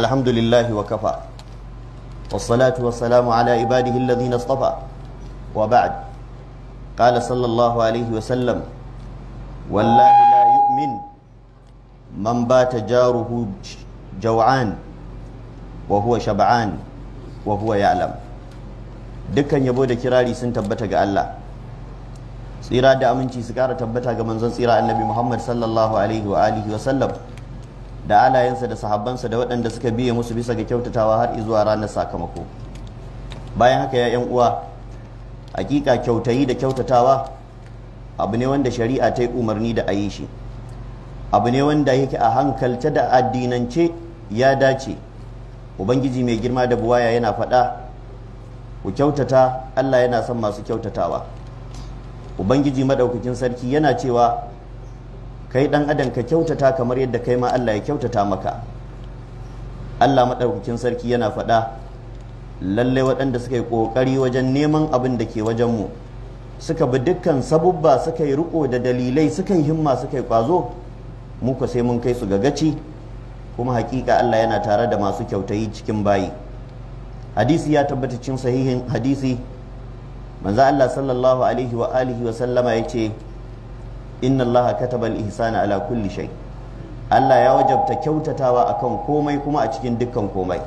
الحمد لله وكفى والصلاة والسلام على عباده الذين اصطفى وبعد قال صلى الله عليه وسلم والله لا يؤمن من بات جاره جوعان وهو شبعان وهو يعلم dukkan yabo da kirari sun tabbata ga Allah tsira da aminci su kara tabbata ga manzon tsira annabi Muhammad sallallahu alaihi wa alihi wa sallam da alayensa da sahabbansa da waɗanda suka biya musu bisa ga kyautatawa har zuwa ranar sakamako bayan haka ya 'yan uwa hakika kyautayi da kyautatawa abu ne wanda shari'a ta yi umarni da a shi abu ne wanda yake a hankalta da addinance ya dace ubangiji mai girma da buwaya yana faɗa ku kyautata allah yana son masu kyautatawa ubangiji maɗaukakin sarki yana cewa kai dan adam ka kyautata kamar yadda kai ma Allah ya kyautata maka Allah madaukakin sarki yana faɗa lalle waɗanda suka yi ƙoƙari wajen neman abin da ke wajen mu suka bi dukkan sabubba suka yi riko da dalilai suka yi himma suka yi ƙwazo muka sai mun kai su ga gaci kuma hakika Allah yana tare da masu kyautayi cikin bayi hadisi ya tabbata cin sahihin hadisi manzo Allah sallallahu alaihi wa alihi wa sallama yace inna allaha kataba al-ihsana ala kulli shay Allah ya wajabta kyautatawa akan komai kuma a cikin dukkan komai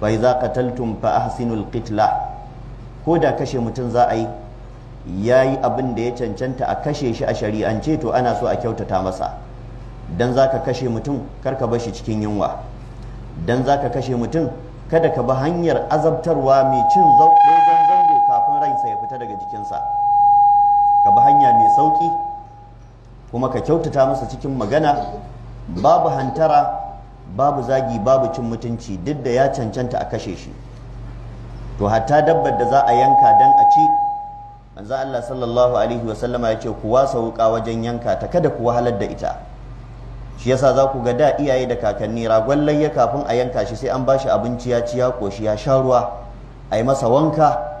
fa idza qataltum fa ahsinul qitla ko da kashe mutum za a yi yayi abin da ya cancanta a kashe shi a shari'ance to ana so a kyautata masa dan zaka kashe mutum kar ka bar shi cikin yunwa dan zaka kashe mutum kada ka bi hanyar azabtarwa mai cin zango kafin ransa ya fita daga jikinsa ka bi hanya mai sauki kuma ka kyautata masa cikin magana babu hantara babu zagi babu cin mutunci duk da ya cancanta a kashe shi to hatta dabbar da za a yanka dan a ci manzo Allah sallallahu alaihi wa sallama ya ce ku wasa wuka wajen yanka ta kada ku wahalar da ita shi yasa za ku ga da iyaye da kakanni ragon layya kafin a yanka shi sai an bashi abinci ya ci ya koshi ya sha ruwa a yi masa wanka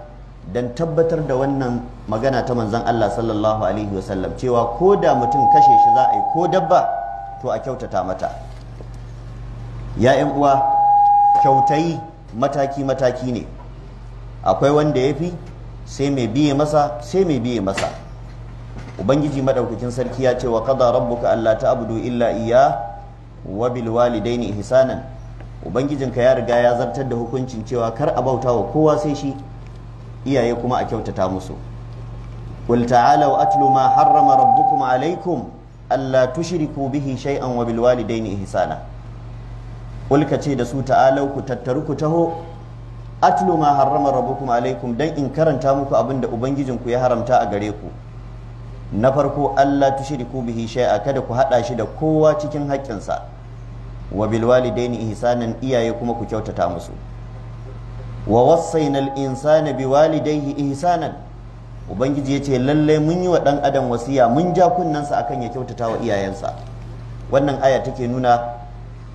don tabbatar da wannan magana ta manzan Allah sallallahu alaihi wasallam cewa ko da mutum kashe shi za a yi ko dabba to a kyautata mata ya uwa kyautayi mataki-mataki ne akwai wanda ya fi sai mai biye masa sai mai biye masa ubangiji maɗaukakin sarki ya ce wa qada rabbuka ta abudu illa iya wa ne walidaini ihsanan ubangijinka ya riga ya zartar da hukuncin cewa kar a bauta wa kowa sai shi iyaye kuma a kyautata musu qul ta'alu atlu ma harrama rabbukum alaikum alla tushriku bihi shay'an wa bil walidayni ihsana ce da su ta'alu ku tattaru ku taho atlu ma harrama rabbukum alaikum dan in karanta muku abin da ubangijinku ya haramta a gare ku na farko Allah tushriku bihi shay'a kada ku hada shi da kowa cikin haƙƙinsa wa bil walidaini ihsanan iyaye kuma ku kyautata musu wa wasaina al-insana biwalidayhi ihsanan ubangiji yace lalle mun yi wa dan adam wasiya mun ja kunnansa akan ya kyautata wa iyayensa wannan aya take nuna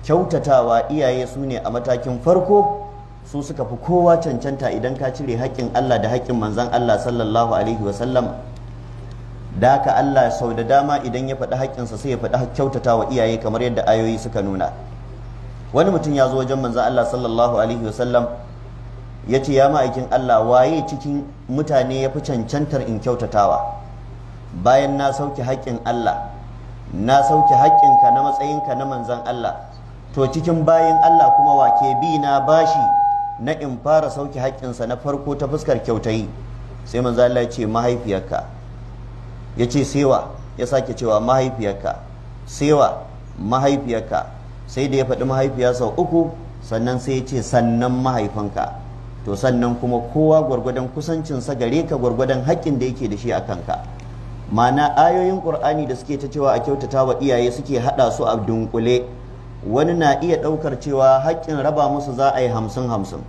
kyautatawa iyaye su ne a matakin farko su suka fi kowa cancanta idan ka cire haƙƙin Allah da haƙƙin manzon Allah sallallahu alaihi wa sallam da ka Allah sau da dama idan ya faɗi haƙƙinsa sai ya faɗi kyautata wa iyaye kamar yadda ayoyi suka nuna wani mutum ya zo wajen manzon Allah sallallahu alaihi wa sallam ya ce ya ma'aikin Allah waye cikin mutane ya fi cancantar in kyautatawa bayan na sauke haƙƙin Allah na sauke haƙƙinka na matsayinka na manzan Allah to cikin bayan Allah kuma wake bi na bashi na in fara sauke haƙƙinsa na farko ta fuskar kyautayi sai manzan Allah ya ce mahaifiyarka ya ce sewa ya sake cewa mahaifiyarka sewa mahaifiyarka sai da ya faɗi mahaifiya sau uku sannan sai ya ce sannan mahaifinka to sannan kuma kowa gwargwadon kusancinsa gare ka gwargwadon haƙƙin da yake da shi a kanka mana ayoyin ƙur'ani da suke ta cewa a kyautata wa iyaye suke haɗa su a dunkule wani na iya ɗaukar cewa haƙƙin raba musu za a yi hamsin hamsin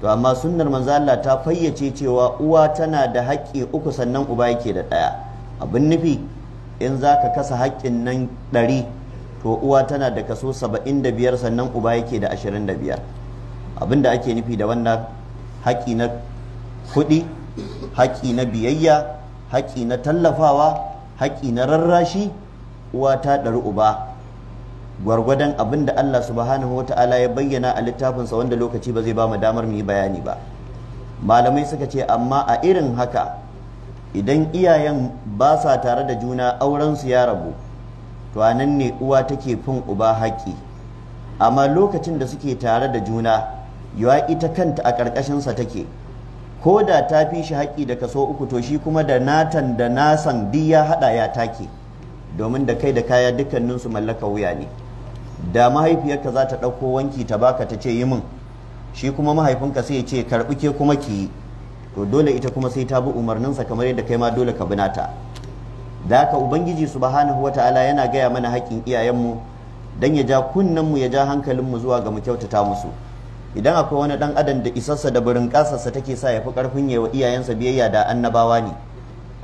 to amma sunnar manzo ta fayyace cewa uwa tana da haƙƙi uku sannan uba yake da ɗaya abin nufi in za ka kasa haƙƙin nan ɗari to uwa tana da kaso saba'in da biyar sannan uba yake da ashirin da biyar abin da ake nufi da wannan haƙi na kuɗi haƙi na biyayya haƙi na tallafawa haƙi na rarrashi uwa ta ɗari uba gwargwadon abin da Allah subhanahu wa ta'ala ya bayyana a littafinsa wanda lokaci ba zai ba mu damar mu yi bayani ba malamai suka ce amma a irin haka idan iyayen ba sa tare da juna aurensu ya rabu to nan ne uwa take fin uba haƙƙi? amma lokacin da suke tare da juna yawa ita kanta a ƙarƙashinsa take ko da ta fi shi haƙƙi da kaso uku to shi kuma da natan da nasan duk ya haɗa ya take domin da kai da kaya dukkaninsu mallaka wuya ne da mahaifiyarka za ta ɗauko wanki ta baka ta ce yi min shi kuma mahaifinka sai ya ce karɓi ke kuma ki yi to dole ita kuma sai ta bi umarninsa kamar yadda kai ma dole ka bi nata da haka ubangiji subhanahu wataala yana gaya mana haƙƙin iyayenmu dan ya ja kunnenmu ya ja hankalinmu zuwa ga mu kyautata musu idan akwai wani dan adam da isarsa da burin kasarsa take sa ya fi karfin yawa iyayensa biyayya da annabawa ne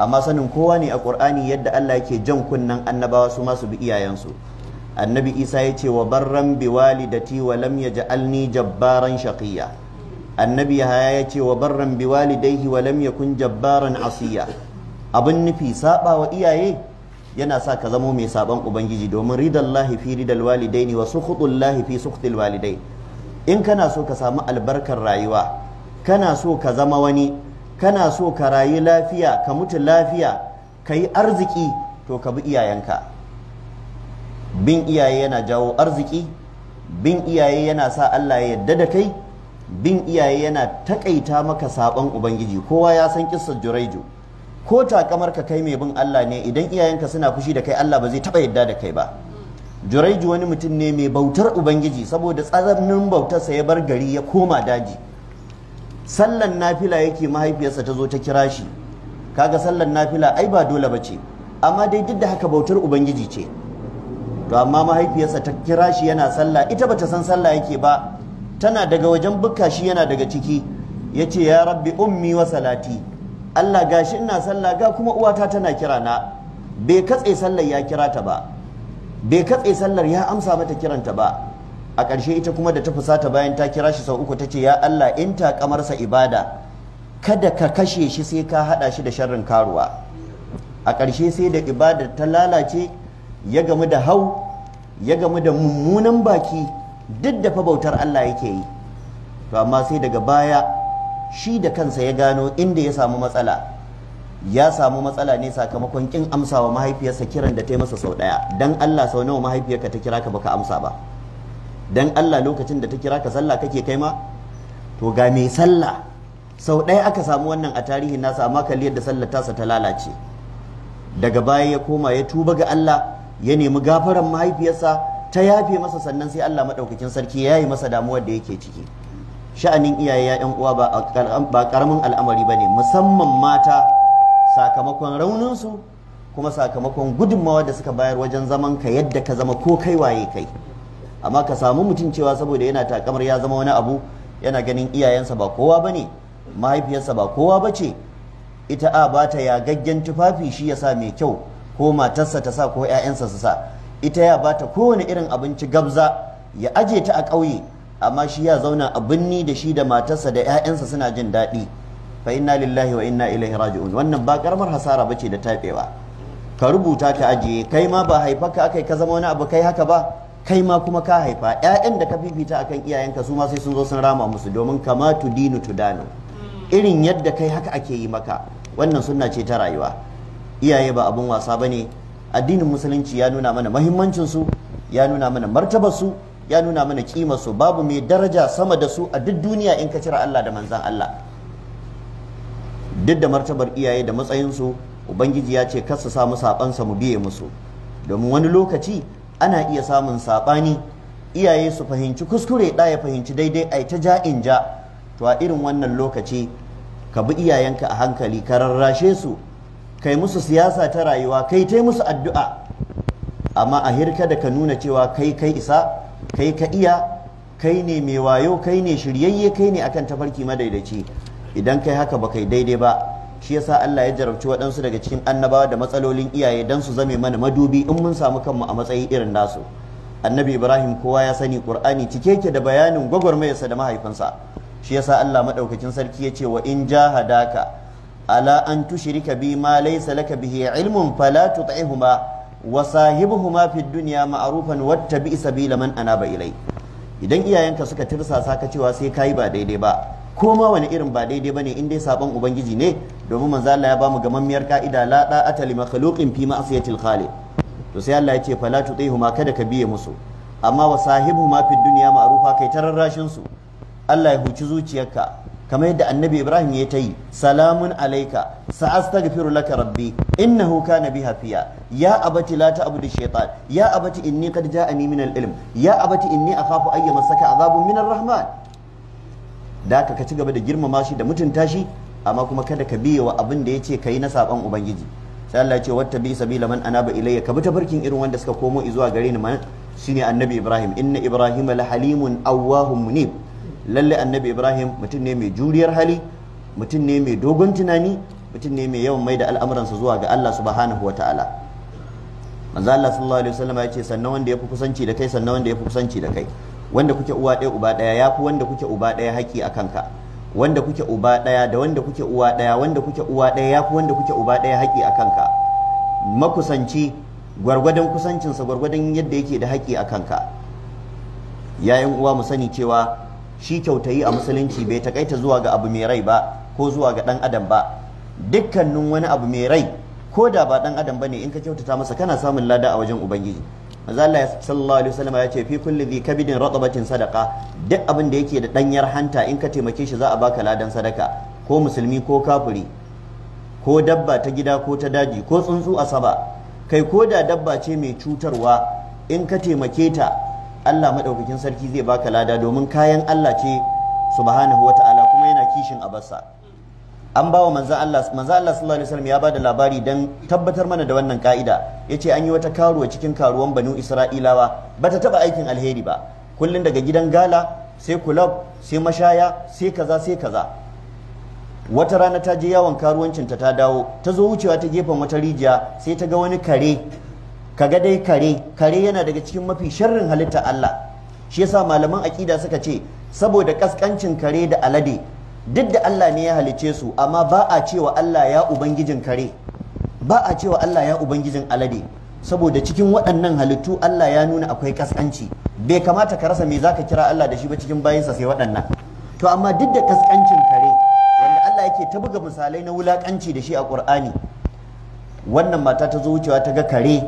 amma sanin kowa ne a qur'ani yadda Allah yake jan kunnan annabawa su masu su bi iyayensu annabi isa ya ce wa barran bi walidati wa lam yaj'alni jabbaran shaqiya annabi yahaya ya ce wa barran bi walidayhi wa lam yakun jabbaran asiya abin nufi saba wa iyaye yana sa ka zamo mai saban ubangiji domin ridallahi fi ridal walidaini wa sukhutullahi fi sukhtil walidaini in kana so ka samu albarkar rayuwa kana so ka zama wani kana so ka rayu lafiya ka mutu lafiya ka yi arziki to ka bi iyayenka bin iyaye yana jawo arziki bin iyaye yana sa Allah ya yarda da kai bin iyaye yana takaita maka sabon ubangiji kowa ya san kissar juraiju ko takamar ka kai mai bin Allah ne idan iyayenka suna fushi da kai Allah ba zai taɓa yarda da kai ba Juraiji wani mutum ne mai bautar ubangiji saboda tsazanin bautarsa ya bar gari ya koma daji sallan nafila yake mahaifiyarsa ta zo ta kira shi kaga sallan nafila ai ba dole ba ce. amma dai duk da haka bautar ubangiji ce to amma mahaifiyarsa ta kira shi yana sallah ita bata san sallah yake ba tana daga wajen bukka shi yana daga ciki Ya ce ya rabbi ummi wa salati Allah gashi ina sallah ga kuma uwata tana kira na bai katse sallar ya kira ta ba bai katse sallar ya amsa mata kiranta ba a ƙarshe ita kuma da ta fusata bayan ta kira shi sau uku ta ce ya Allah in ta kamarsa ibada kada ka kashe shi sai ka haɗa shi da sharrin karuwa a ƙarshe sai da ibada ta lalace ya gamu da hau ya gamu da mummunan baki duk da fa bautar Allah yake yi to amma sai daga baya shi da kansa ya gano inda ya samu matsala ya samu matsala ne sakamakon kin amsawa mahaifiyarsa kiran da ta yi masa sau daya dan Allah sau nawa mahaifiyarka ta kira ka baka amsa ba dan Allah lokacin da ta kira ka sallah kake kai ma to ga mai sallah sau daya aka samu wannan a tarihin nasa amma kalli yadda sallar tasa ta lalace daga baya ya koma ya tuba ga Allah ya nemi gafaran mahaifiyarsa ta yafe masa sannan sai Allah madaukakin sarki ya yi masa damuwar da yake ciki sha'anin iyaye ya yan uwa ba karamin al'amari bane musamman mata sakamakon rauninsu kuma sakamakon gudunmawa da suka bayar wajen zaman ka yadda ka zama ko kai waye kai amma ka samu mutum cewa saboda yana takamar ya zama wani abu yana ganin iyayensa ba kowa ba ne mahaifiyarsa ba kowa ba ce ita a ba ta yagaggen tufafi shi ya sa mai kyau ko matarsa ta sa ko 'ya'yansa su sa ita ya ba ta kowane irin abinci gabza ya aje ta a ƙauye amma shi ya zauna a binni da shi da matarsa da 'ya'yansa suna jin daɗi fa inna lillahi wa inna ilaihi raji'un wannan ba karamar hasara bace da taɓewa. ka rubuta ka ajiye kai ma ba haifa ka akai ka zama wani abu kai haka ba kai ma kuma ka haifa ƴaƴan da ka fifita akan iyayenka su ma sai sun zo sun rama musu domin kama tu tudanu irin yadda kai haka ake yi maka wannan sunna ce ta rayuwa iyaye ba abun wasa bane addinin musulunci ya nuna mana mahimmancin su ya nuna mana martabar su ya nuna mana kimar su babu mai daraja sama da su a duk duniya in ka cira Allah da manzan Allah duk da martabar iyaye da matsayinsu ubangiji ya ce kar su samu sabansa mu biye musu domin wani lokaci ana iya samun saɓani, iyaye su fahimci kuskure ɗa ya fahimci daidai a ta ja in ja to a irin wannan lokaci ka bi iyayenka a hankali ka rarrashe su kai musu siyasa ta rayuwa kai ta musu addu'a amma a hirka da ka nuna cewa kai kai isa kai ka iya kai ne mai wayo kai ne shiryayye kai ne akan tafarki madaidaici idan kai haka ba kai daidai ba shi yasa Allah ya jarabci waɗansu daga cikin annabawa da matsalolin iyaye dan su zame mana madubi in mun samu kanmu a matsayi irin nasu annabi Ibrahim kowa ya sani Qur'ani cike yake da bayanin gwagwarmayarsa da mahaifinsa shi yasa Allah madaukakin sarki ya ce wa in jahadaka ala an tushrika bi ma laysa laka bihi ilmun fala tut'ihuma wa sahibuhuma fid dunya ma'rufan wattabi sabila man anaba ilai idan iyayenka suka tirsasa ka cewa sai kai ba daidai ba ko ma wani irin ba daidai bane in dai sabon ubangiji ne domin manzo Allah ya ba mu gamammiyar ka'ida la da'ata li makhluqin fi ma'siyatil khaliq to sai Allah ya ce fala huma kada ka biye musu amma wa sahibuhuma fid dunya ma'rufa kai tararrashin su Allah ya huci zuciyarka kamar yadda annabi ibrahim ya ta yi salamun alaika sa'astaghfiru laka rabbi innahu kana bi hafiya ya abati la ta'budu shaytan ya abati inni qad ja'ani min al-ilm ya abati inni akhafu an yamassaka azabun min ar-rahman da ka ci gaba da girmama shi da mutunta shi amma kuma kada ka biye wa abin da yace kai na saban ubangiji sai Allah ya ce wata bi sabila man anaba ilayya ka bi tafarkin irin wanda suka komo zuwa gare ni shine annabi Ibrahim inna Ibrahim la halimun awwahum munib lalle annabi Ibrahim mutum ne mai juriyar hali mutum ne mai dogon tunani mutum ne mai yawan mai da al'amuransa zuwa ga Allah subhanahu wa ta'ala manzo Allah sallallahu alaihi wasallam ya ce sannan wanda ya fi kusanci da kai sannan wanda ya fi kusanci da kai wanda kuke uwa ɗaya uba ɗaya ya fi wanda kuke uba ɗaya haƙi a kanka wanda kuke uba ɗaya da wanda kuke uwa ɗaya wanda kuke uwa ɗaya ya fi wanda kuke uba ɗaya haƙi a makusanci gwargwadon kusancinsa gwargwadon yadda yake da haƙi a kanka uwa mu sani cewa shi kyautayi a musulunci bai takaita zuwa ga abu mai rai ba ko zuwa ga ɗan adam ba dukkanin wani abu mai rai ko da ba ɗan adam ba ne in ka kyautata masa kana samun lada a wajen ubangiji manzo Allah sallallahu alaihi wasallam ya ce fi kulli dhi kabidin ratabatin sadaqa duk abin da yake da danyar hanta in ka taimake shi za a baka ladan sadaka ko musulmi ko kafuri ko dabba ta gida ko ta daji ko tsuntsu asaba kai ko da dabba ce mai cutarwa in ka taimake ta Allah madaukakin sarki zai baka lada domin kayan Allah ce subhanahu wata'ala kuma yana kishin abarsa an bawa manzo Allah manzo Allah sallallahu alaihi wasallam ya bada labari dan tabbatar mana da wannan ka'ida yace an yi wata karuwa cikin karuwan banu Isra'ilawa bata taba aikin alheri ba kullun daga gidan gala sai kulab sai mashaya sai kaza sai kaza wata rana ta je yawon karuwancin ta ta dawo ta zo wucewa ta gefen wata rijiya sai ta ga wani kare kaga dai kare kare yana daga cikin mafi sharrin halitta Allah shi yasa malaman aƙida suka ce saboda kaskancin kare da alade duk da Allah ne ya halice su amma ba a cewa Allah ya ubangijin kare ba a cewa Allah ya ubangijin alade saboda cikin waɗannan halittu Allah ya nuna akwai kaskanci bai kamata ka rasa me zaka kira Allah da shi ba cikin bayinsa sai waɗannan to amma duk da kaskancin kare wanda Allah yake ta buga misalai na wulakanci da shi a Qur'ani wannan mata ta zo wucewa ta ga kare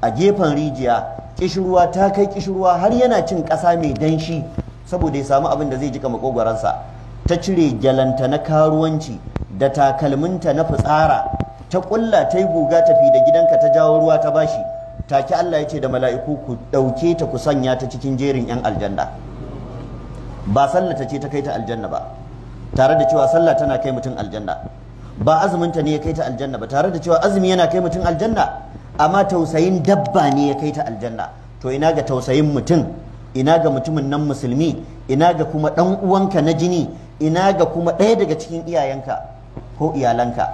a gefen rijiya kishirwa ta kai kishirwa har yana cin ƙasa mai danshi saboda ya samu abin da zai jika makogwaransa ta cire gyalanta na karuwanci da takalminta na fitsara ta ƙulla ta yi guga tafi da gidanka ta jawo ruwa ta bashi take Allah ya ce da mala'iku ku ɗauke ta ku sanya ta cikin jerin 'yan aljanna ba sallah ta ce ta kai ta aljanna ba tare da cewa sallah tana kai mutum aljanna ba azuminta ne ya kai ta aljanna ba tare da cewa azumi yana kai mutum aljanna amma tausayin dabba ne ya kai ta aljanna to ina ga tausayin mutum ina ga mutumin nan musulmi ina ga kuma ɗan uwanka na jini ina ga kuma ɗaya daga cikin iyayenka ko iyalanka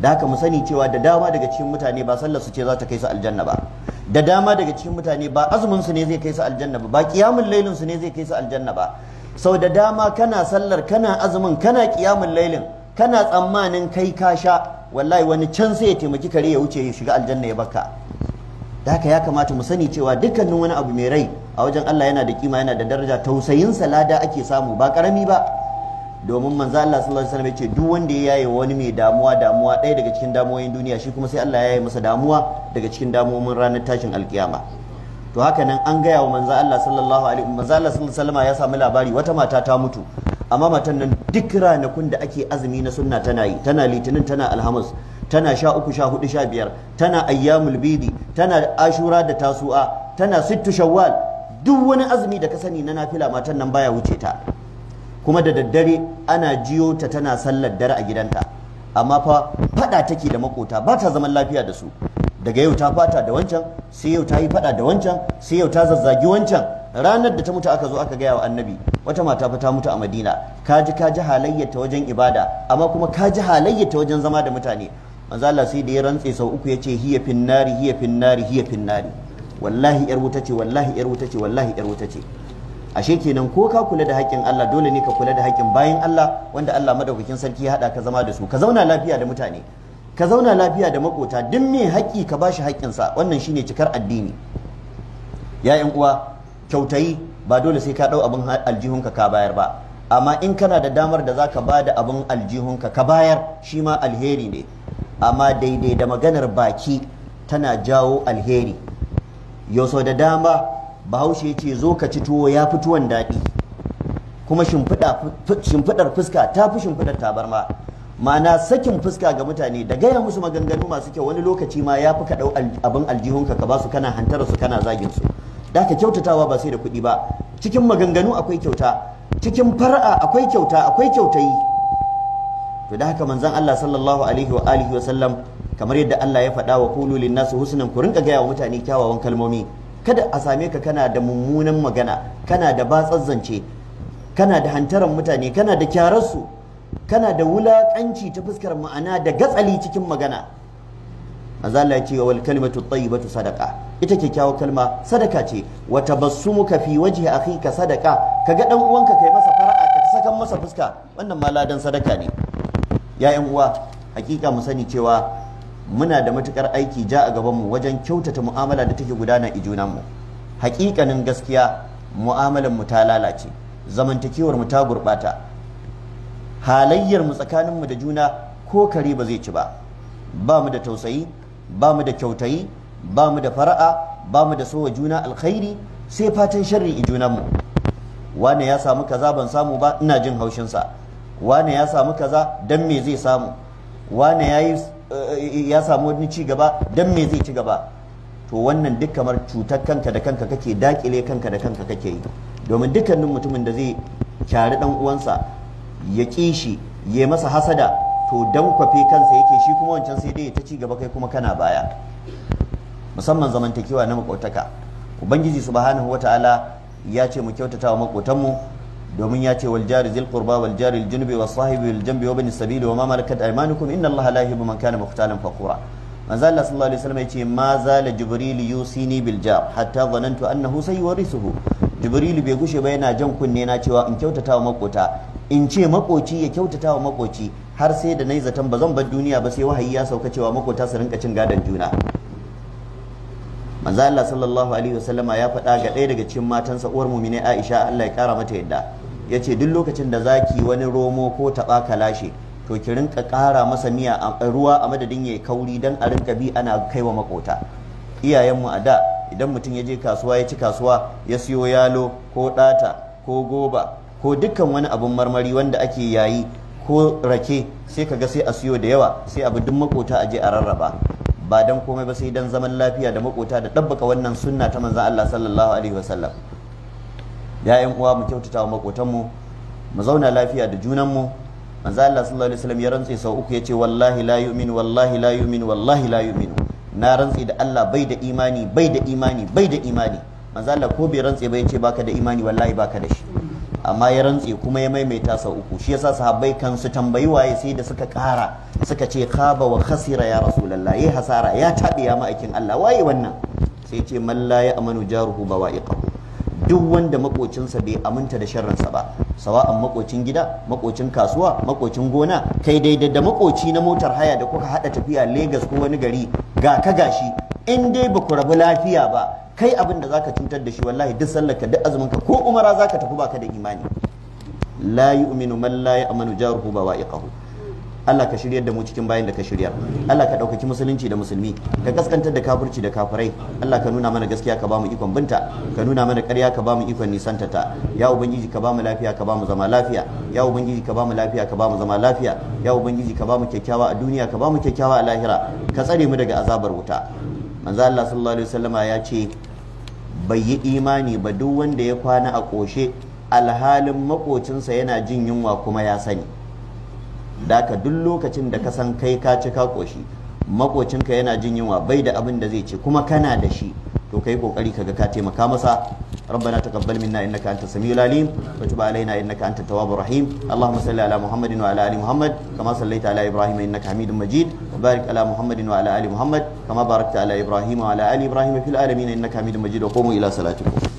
da haka mu sani cewa da dama daga cikin mutane ba sallar su ce za ta kai su aljanna ba da dama daga cikin mutane ba azumin su ne zai kai su aljanna ba ba kiyamun lailin su ne zai kai su aljanna ba sau da dama kana sallar kana azumin kana kiyamun lailin kana tsammanin kai ka sha wallahi wani can sai ya taimaki kare ya wuce ya shiga aljanna ya baka da haka ya kamata mu sani cewa dukkanin wani abu mai rai a wajen Allah yana da kima yana da daraja tausayin salada ake samu ba karami ba domin manzo Allah sallallahu alaihi wasallam yace duk wanda ya yaye wani mai damuwa damuwa ɗaya daga cikin damuwoyin duniya shi kuma sai Allah ya yaye masa damuwa daga cikin damuwoyin ranar tashin alkiyama to haka nan an gaya wa manzo Allah sallallahu alaihi manzo Allah sallallahu alaihi wasallam ya samu labari wata mata ta mutu amma matan nan duk ranakun da ake azumi na sunna tana yi tana litinin tana alhamis tana sha uku sha hudu sha biyar tana ayyamul bidi tana ashura da tasu'a tana sittu shawwal duk wani azumi da ka sani na nafila matan nan baya wuce ta kuma da daddare ana jiyo ta tana sallar dare a gidanta amma fa fada take da makota ba ta zaman lafiya da su daga yau ta fata da wancan sai yau ta yi fada da wancan sai yau ta zazzagi wancan ranar da ta mutu aka zo aka gaya wa annabi wata mata fa ta mutu a madina kaji kaji halayyata wajen ibada amma kuma kaji halayyata wajen zama da mutane manzo Allah sai da ya rantse sau uku yace hiya finnari hiya finnari hiya finnari wallahi yar wuta ce wallahi yar wuta ce wallahi yar wuta ce ashe kenan ko ka kula da haƙƙin Allah dole ne ka kula da haƙƙin bayin Allah wanda Allah madaukakin sarki ya haɗa ka zama da su ka zauna lafiya da mutane ka zauna lafiya da makota duk mai haƙƙi ka bashi haƙƙinsa wannan shine cikar addini ya yan uwa kyautayi ba dole sai ka ɗau abin aljihun ka ka bayar ba amma in kana da damar da zaka ba da abin aljihunka ka bayar shi ma alheri ne amma daidai da maganar baki tana jawo alheri yau da dama bahaushe ya ce zo ka ci tuwo ya fi tuwon daɗi kuma shimfiɗar fuska ta fi shimfiɗar tabarma ma'ana sakin fuska ga mutane da gaya musu maganganu masu kyau wani lokaci ma ya fi ka abin aljihunka ka ba su kana hantar su kana zagin su da ka kyautatawa ba sai da kuɗi ba cikin maganganu akwai kyauta cikin fara'a akwai kyauta akwai kyautayi to da haka manzon Allah sallallahu alaihi wa alihi wa sallam kamar yadda Allah ya faɗa wa kullu lin husnan ku rinka gaya wa mutane kyawawan kalmomi kada a same ka kana da mummunan magana kana da batsazzance kana da hantaran mutane kana da kyararsu kana da wulaƙanci ta fuskar ma'ana da gatsali cikin magana maza Allah ya ce wal kalimatu tayyibatu sadaqa ita kyakkyawar kalma sadaka ce wa tabassumuka fi wajhi akhika sadaqa kaga dan uwanka kai masa fara'a ka sakan masa fuska wannan ma ladan sadaka ne ya uwa hakika mu sani cewa muna da matukar aiki ja a gabanmu wajen kyautata mu'amala da take gudana a junanmu hakikanin gaskiya mu'amalar mu ta lalace zamantakewar mu ta gurbata halayyar mu tsakanin mu da juna ko kare ba zai ci ba ba mu da tausayi ba mu da kyautayi ba mu da fara'a ba mu da sowa juna alkhairi sai fatan sharri i junanmu wane ya samu kaza ban samu ba ina jin haushinsa wane ya samu kaza dan me zai samu wane ya yi Eh, ya samu wani ci gaba dan me zai ci gaba to wannan duk kamar cutar kanka da kanka kake dakile kanka da kanka kake yi domin dukkanin mutumin da zai kyari dan uwansa ya ƙi shi ya masa hasada to dan kwafe kansa yake shi kuma wancan sai dai ta ci gaba kai kuma kana baya musamman zamantakewa na makotaka ubangiji subhanahu wataala ya ce mu kyautata wa makotanmu domin ya ce wal jari zil qurba wal jari al junubi sahibi wal jambi wa bani sabili wa ma malakat aymanukum inna allaha la yuhibbu man kana mukhtalan faqura manzo Allah sallallahu alaihi wasallam yace ma zala jibril yusini bil jar hatta dhanantu annahu sayuwarisuhu jibril bai gushe ba yana jan kunne na cewa in kyautatawa makota in ce makoci ya wa makoci har sai da nayi zaton bazan bar duniya ba sai wahayi ya sauka cewa makota su rinka cin gadon juna manzo Allah sallallahu alaihi wasallama ya faɗa ga ɗaya daga cikin matansa uwar mu'mine Aisha Allah ya kara mata yadda ya ce duk lokacin da zaki wani romo ko taɓa ka lashe to ki rinka ƙara masa miya ruwa a madadin ya kauri don a rinka bi ana kai wa makota iyayenmu a da idan mutum ya je kasuwa ya ci kasuwa ya siyo yalo ko ɗata ko goba ko dukkan wani abun marmari wanda ake yayi ko rake sai ga sai a siyo da yawa sai abu duk makota a je a rarraba ba don komai ba sai don zaman lafiya da makota da ɗabbaka wannan sunna ta manzan Allah sallallahu alaihi wasallam ya yan uwa mu kyautata wa makotanmu mu zauna lafiya da junanmu manzo Allah sallallahu alaihi wasallam ya rantse sau uku yace wallahi la yu'min wallahi la yu'min wallahi la yu'min na rantse da Allah bai da imani bai da imani bai da imani manzo Allah ko bai rantse ba yace baka da imani wallahi baka da shi amma ya rantse kuma ya maimaita sau uku shi yasa sahabbai kan su tambayi waye sai da suka kara suka ce khaba wa khasira ya rasulullah yayi hasara ya tabe ya ma'aikin Allah waye wannan sai ce man la ya'manu jaruhu bawa'iqahu duk wanda makocinsa bai aminta da sharransa ba sawa'an makocin gida makocin kasuwa makocin gona kai daidai da makoci na motar haya da kuka hada tafiya Legas ko wani gari ga ka gashi in dai ba ku rabu lafiya ba kai abin da zaka cutar da shi wallahi duk sallarka duk azumin ka ko umara zaka tafi baka da imani la yu'minu man la ya'manu jaruhu wa'iqahu Allah ka shiryar da mu cikin bayan da ka shiryar Allah ka ɗaukaki musulunci da musulmi ka kaskantar da kafirci da kafirai Allah ka nuna mana gaskiya ka bamu ikon binta ka nuna mana ƙarya ka bamu ikon nisanta ta ya ubangiji ka bamu lafiya ka bamu zama lafiya ya ubangiji ka bamu lafiya ka bamu zama lafiya ya ubangiji ka bamu kyakkyawa a duniya ka bamu kyakkyawa a lahira ka tsare mu daga azabar wuta manzo Allah sallallahu alaihi wasallama ya ce bai yi imani ba duk wanda ya kwana a ƙoshe alhalin makocinsa yana jin yunwa kuma ya sani da duk lokacin da ka san kai ka ci ka koshi makocinka yana jin yunwa bai da abin da zai ci kuma kana da shi to kai kokari kaga ka taimaka masa ربنا تقبل منا انك انت السميع العليم وتب علينا انك انت التواب الرحيم اللهم صل على محمد وعلى ال محمد كما صليت على ابراهيم انك حميد مجيد وبارك على محمد وعلى ال محمد كما باركت على ابراهيم وعلى ال ابراهيم في العالمين انك حميد مجيد وقوموا الى صلاتكم